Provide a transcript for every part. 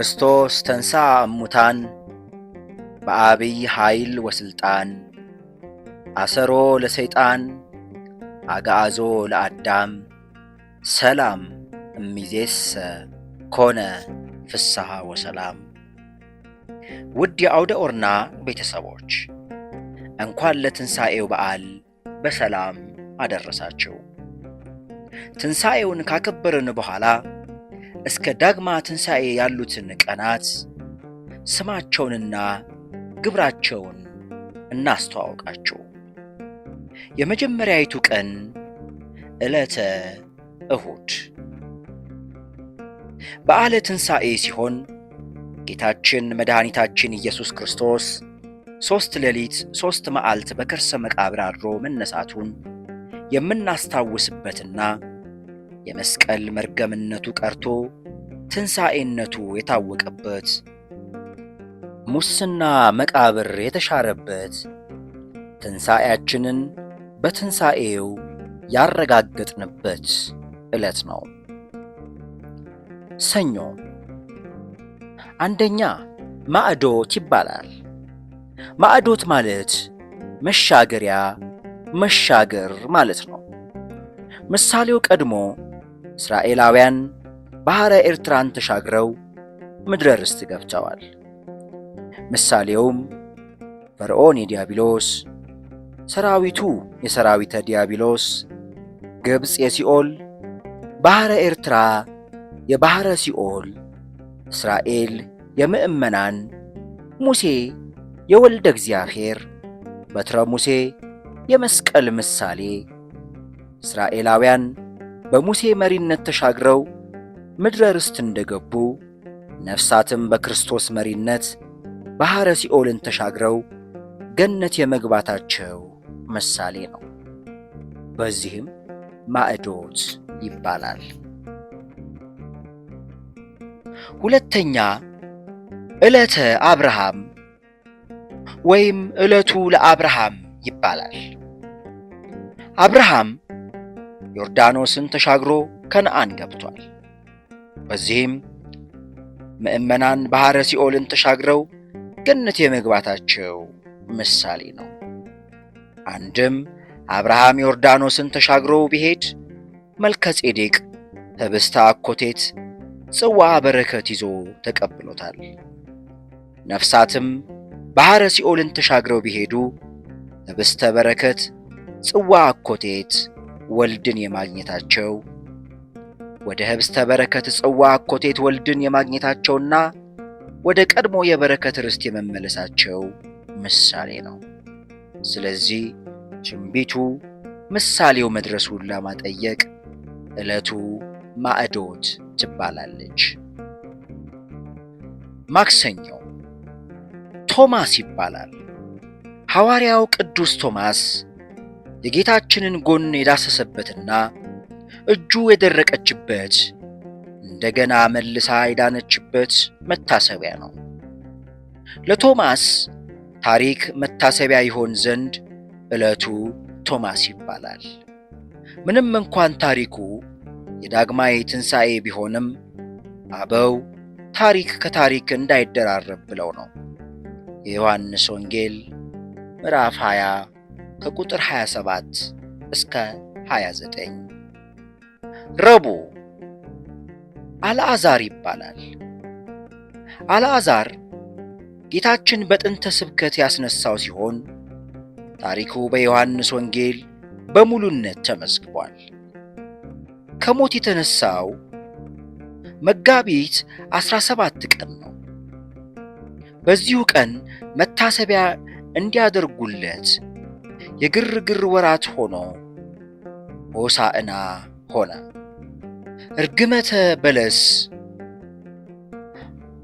ክርስቶስ ተንሳ እሙታን በአብይ ኃይል ወስልጣን አሰሮ ለሰይጣን አጋአዞ ለአዳም ሰላም እሚዜሰ ኮነ ፍስሐ ወሰላም። ውድ የአውደ ኦርና ቤተሰቦች እንኳን ለትንሣኤው በዓል በሰላም አደረሳችሁ። ትንሣኤውን ካከበርን በኋላ እስከ ዳግማ ትንሣኤ ያሉትን ቀናት ስማቸውንና ግብራቸውን እናስተዋውቃችሁ። የመጀመሪያዊቱ ቀን ዕለተ እሁድ በዓለ ትንሣኤ ሲሆን ጌታችን መድኃኒታችን ኢየሱስ ክርስቶስ ሦስት ሌሊት ሦስት መዓልት በከርሰ መቃብር አድሮ መነሳቱን የምናስታውስበትና የመስቀል መርገምነቱ ቀርቶ ትንሣኤነቱ የታወቀበት፣ ሙስና መቃብር የተሻረበት፣ ትንሣኤያችንን በትንሣኤው ያረጋገጥንበት ዕለት ነው። ሰኞ አንደኛ ማዕዶት ይባላል። ማዕዶት ማለት መሻገሪያ መሻገር ማለት ነው። ምሳሌው ቀድሞ እስራኤላውያን ባሕረ ኤርትራን ተሻግረው ምድረ ርስት ገብተዋል። ምሳሌውም ፈርዖን የዲያብሎስ ሰራዊቱ የሰራዊተ ዲያብሎስ፣ ግብፅ የሲኦል፣ ባሕረ ኤርትራ የባሕረ ሲኦል፣ እስራኤል የምዕመናን፣ ሙሴ የወልደ እግዚአብሔር፣ በትረ ሙሴ የመስቀል ምሳሌ፣ እስራኤላውያን በሙሴ መሪነት ተሻግረው ምድረ ርስት እንደገቡ ነፍሳትም በክርስቶስ መሪነት ባሕረ ሲኦልን ተሻግረው ገነት የመግባታቸው ምሳሌ ነው። በዚህም ማዕዶት ይባላል። ሁለተኛ ዕለተ አብርሃም ወይም ዕለቱ ለአብርሃም ይባላል። አብርሃም ዮርዳኖስን ተሻግሮ ከነአን ገብቷል። በዚህም ምእመናን ባሕረ ሲኦልን ተሻግረው ገነት የመግባታቸው ምሳሌ ነው። አንድም አብርሃም ዮርዳኖስን ተሻግሮ ቢሄድ መልከ ጼዴቅ ህብስተ አኮቴት ጽዋ በረከት ይዞ ተቀብሎታል። ነፍሳትም ባሕረ ሲኦልን ተሻግረው ቢሄዱ ህብስተ በረከት ጽዋ አኮቴት ወልድን የማግኘታቸው ወደ ህብስተ በረከት ጽዋ አኮቴት ወልድን የማግኘታቸውና ወደ ቀድሞ የበረከት ርስት የመመለሳቸው ምሳሌ ነው። ስለዚህ ትንቢቱ ምሳሌው መድረሱን ለማጠየቅ ዕለቱ ማዕዶት ትባላለች። ማክሰኞ ቶማስ ይባላል። ሐዋርያው ቅዱስ ቶማስ የጌታችንን ጎን የዳሰሰበትና እጁ የደረቀችበት እንደገና መልሳ የዳነችበት መታሰቢያ ነው። ለቶማስ ታሪክ መታሰቢያ ይሆን ዘንድ ዕለቱ ቶማስ ይባላል። ምንም እንኳን ታሪኩ የዳግማዊ ትንሣኤ ቢሆንም አበው ታሪክ ከታሪክ እንዳይደራረብ ብለው ነው። የዮሐንስ ወንጌል ምዕራፍ 20 ከቁጥር 27 እስከ 29 ረቡዕ አልዓዛር ይባላል። አልዓዛር ጌታችን በጥንተ ስብከት ያስነሳው ሲሆን ታሪኩ በዮሐንስ ወንጌል በሙሉነት ተመዝግቧል። ከሞት የተነሳው መጋቢት 17 ቀን ነው። በዚሁ ቀን መታሰቢያ እንዲያደርጉለት የግርግር ወራት ሆኖ ሆሳዕና ሆነ። እርግመተ በለስ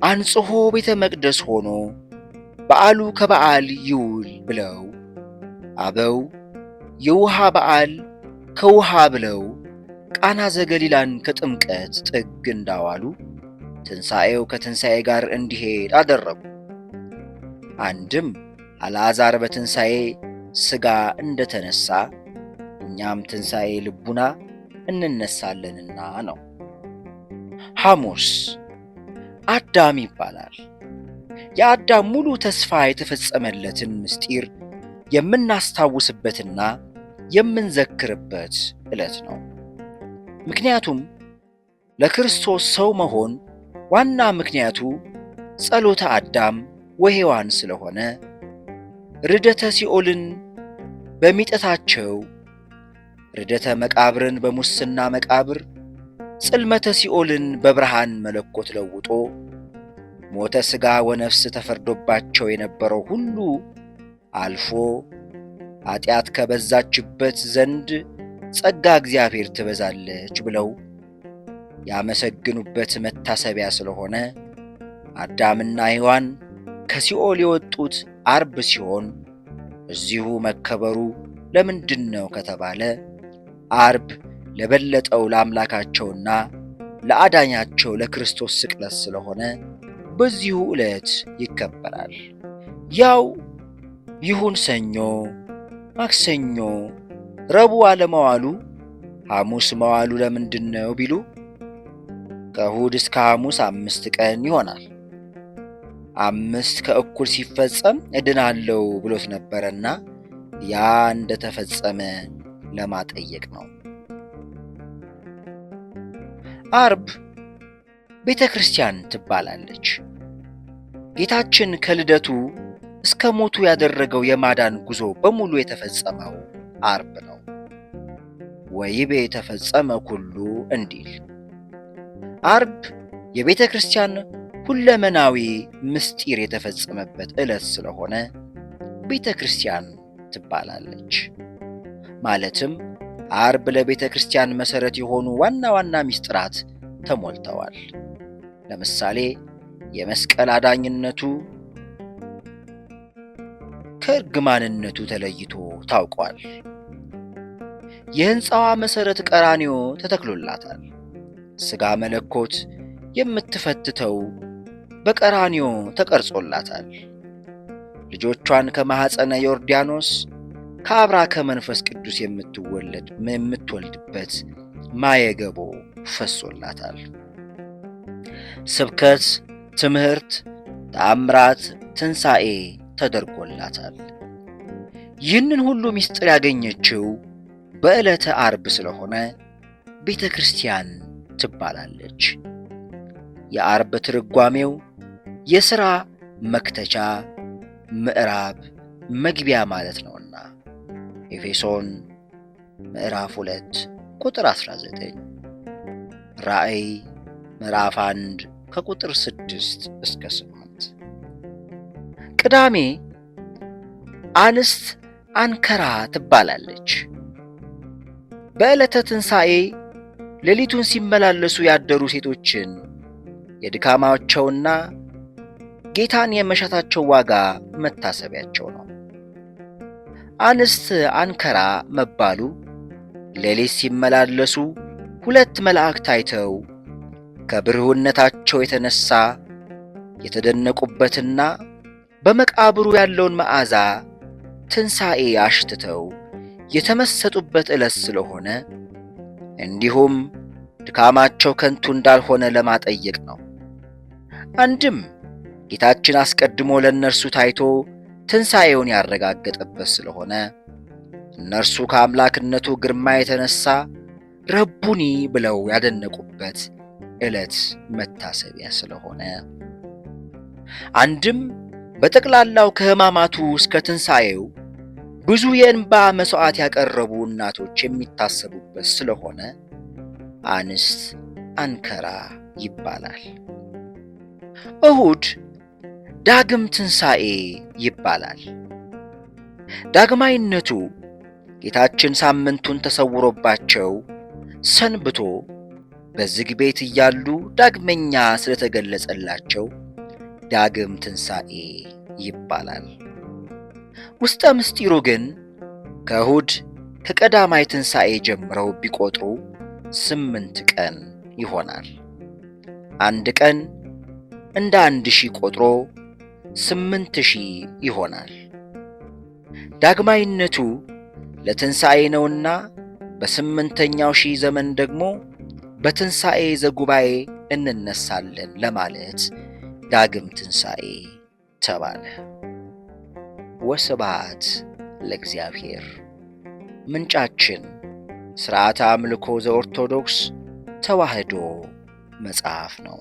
አንጽሖ ቤተ መቅደስ ሆኖ በዓሉ ከበዓል ይውል ብለው አበው የውሃ በዓል ከውሃ ብለው ቃና ዘገሊላን ከጥምቀት ጥግ እንዳዋሉ ትንሣኤው ከትንሣኤ ጋር እንዲሄድ አደረጉ። አንድም አልዓዛር በትንሣኤ ሥጋ እንደተነሳ እኛም ትንሣኤ ልቡና እንነሳለንና ነው። ሐሙስ አዳም ይባላል። የአዳም ሙሉ ተስፋ የተፈጸመለትን ምስጢር የምናስታውስበትና የምንዘክርበት ዕለት ነው። ምክንያቱም ለክርስቶስ ሰው መሆን ዋና ምክንያቱ ጸሎተ አዳም ወሔዋን ስለሆነ ርደተ ሲኦልን በሚጠታቸው ርደተ መቃብርን በሙስና መቃብር ጽልመተ ሲኦልን በብርሃን መለኮት ለውጦ ሞተ ሥጋ ወነፍስ ተፈርዶባቸው የነበረው ሁሉ አልፎ ኀጢአት ከበዛችበት ዘንድ ጸጋ እግዚአብሔር ትበዛለች ብለው ያመሰግኑበት መታሰቢያ ስለሆነ አዳምና ሔዋን ከሲኦል የወጡት አርብ ሲሆን እዚሁ መከበሩ ለምንድን ነው ከተባለ አርብ ለበለጠው ለአምላካቸውና ለአዳኛቸው ለክርስቶስ ስቅለት ስለሆነ በዚሁ ዕለት ይከበራል። ያው ይሁን ሰኞ፣ ማክሰኞ፣ ረቡዕ አለመዋሉ ሐሙስ መዋሉ ለምንድን ነው ቢሉ ከእሁድ እስከ ሐሙስ አምስት ቀን ይሆናል። አምስት ከእኩል ሲፈጸም እድናለው ብሎት ነበረና ያ እንደተፈጸመ ለማጠየቅ ነው። አርብ ቤተ ክርስቲያን ትባላለች። ጌታችን ከልደቱ እስከ ሞቱ ያደረገው የማዳን ጉዞ በሙሉ የተፈጸመው አርብ ነው። ወይቤ የተፈጸመ ኩሉ እንዲል አርብ የቤተ ክርስቲያን ሁለመናዊ ምስጢር የተፈጸመበት ዕለት ስለሆነ ቤተ ክርስቲያን ትባላለች። ማለትም አርብ ለቤተ ክርስቲያን መሠረት የሆኑ ዋና ዋና ምስጢራት ተሞልተዋል። ለምሳሌ የመስቀል አዳኝነቱ ከእርግማንነቱ ተለይቶ ታውቋል። የሕንፃዋ መሠረት ቀራንዮ ተተክሎላታል። ሥጋ መለኮት የምትፈትተው በቀራንዮ ተቀርጾላታል። ልጆቿን ከማኅፀነ ዮርዳኖስ ከአብራ ከመንፈስ ቅዱስ የምትወለድ የምትወልድበት ማየገቦ ፈሶላታል። ስብከት፣ ትምህርት፣ ተአምራት፣ ትንሣኤ ተደርጎላታል። ይህንን ሁሉ ምስጢር ያገኘችው በዕለተ አርብ ስለሆነ ቤተ ክርስቲያን ትባላለች። የአርብ ትርጓሜው የሥራ መክተቻ ምዕራብ መግቢያ ማለት ነው። ኤፌሶን ምዕራፍ 2 ቁጥር 19፣ ራእይ ምዕራፍ 1 ከቁጥር 6 እስከ 8። ቅዳሜ አንስት አንከራ ትባላለች። በዕለተ ትንሣኤ ሌሊቱን ሲመላለሱ ያደሩ ሴቶችን የድካማቸውና ጌታን የመሻታቸው ዋጋ መታሰቢያቸው አንስት አንከራ መባሉ ሌሊት ሲመላለሱ ሁለት መላእክት አይተው ከብርህነታቸው የተነሳ የተደነቁበትና በመቃብሩ ያለውን መዓዛ ትንሣኤ አሽትተው የተመሰጡበት ዕለት ስለሆነ እንዲሁም ድካማቸው ከንቱ እንዳልሆነ ለማጠየቅ ነው። አንድም ጌታችን አስቀድሞ ለእነርሱ ታይቶ ትንሣኤውን ያረጋገጠበት ስለሆነ እነርሱ ከአምላክነቱ ግርማ የተነሳ ረቡኒ ብለው ያደነቁበት ዕለት መታሰቢያ ስለሆነ አንድም በጠቅላላው ከሕማማቱ እስከ ትንሣኤው ብዙ የእንባ መሥዋዕት ያቀረቡ እናቶች የሚታሰቡበት ስለሆነ አንስት አንከራ ይባላል። እሁድ ዳግም ትንሣኤ ይባላል። ዳግማይነቱ ጌታችን ሳምንቱን ተሰውሮባቸው ሰንብቶ በዝግ ቤት እያሉ ዳግመኛ ስለተገለጸላቸው ዳግም ትንሣኤ ይባላል። ውስጠ ምስጢሩ ግን ከእሁድ ከቀዳማይ ትንሣኤ ጀምረው ቢቆጥሩ ስምንት ቀን ይሆናል። አንድ ቀን እንደ አንድ ሺህ ቆጥሮ ስምንት ሺህ ይሆናል። ዳግማይነቱ ለትንሣኤ ነውና በስምንተኛው ሺህ ዘመን ደግሞ በትንሣኤ ዘጉባኤ እንነሳለን ለማለት ዳግም ትንሣኤ ተባለ። ወስብሐት ለእግዚአብሔር። ምንጫችን ሥርዓተ አምልኮ ዘኦርቶዶክስ ተዋሕዶ መጽሐፍ ነው።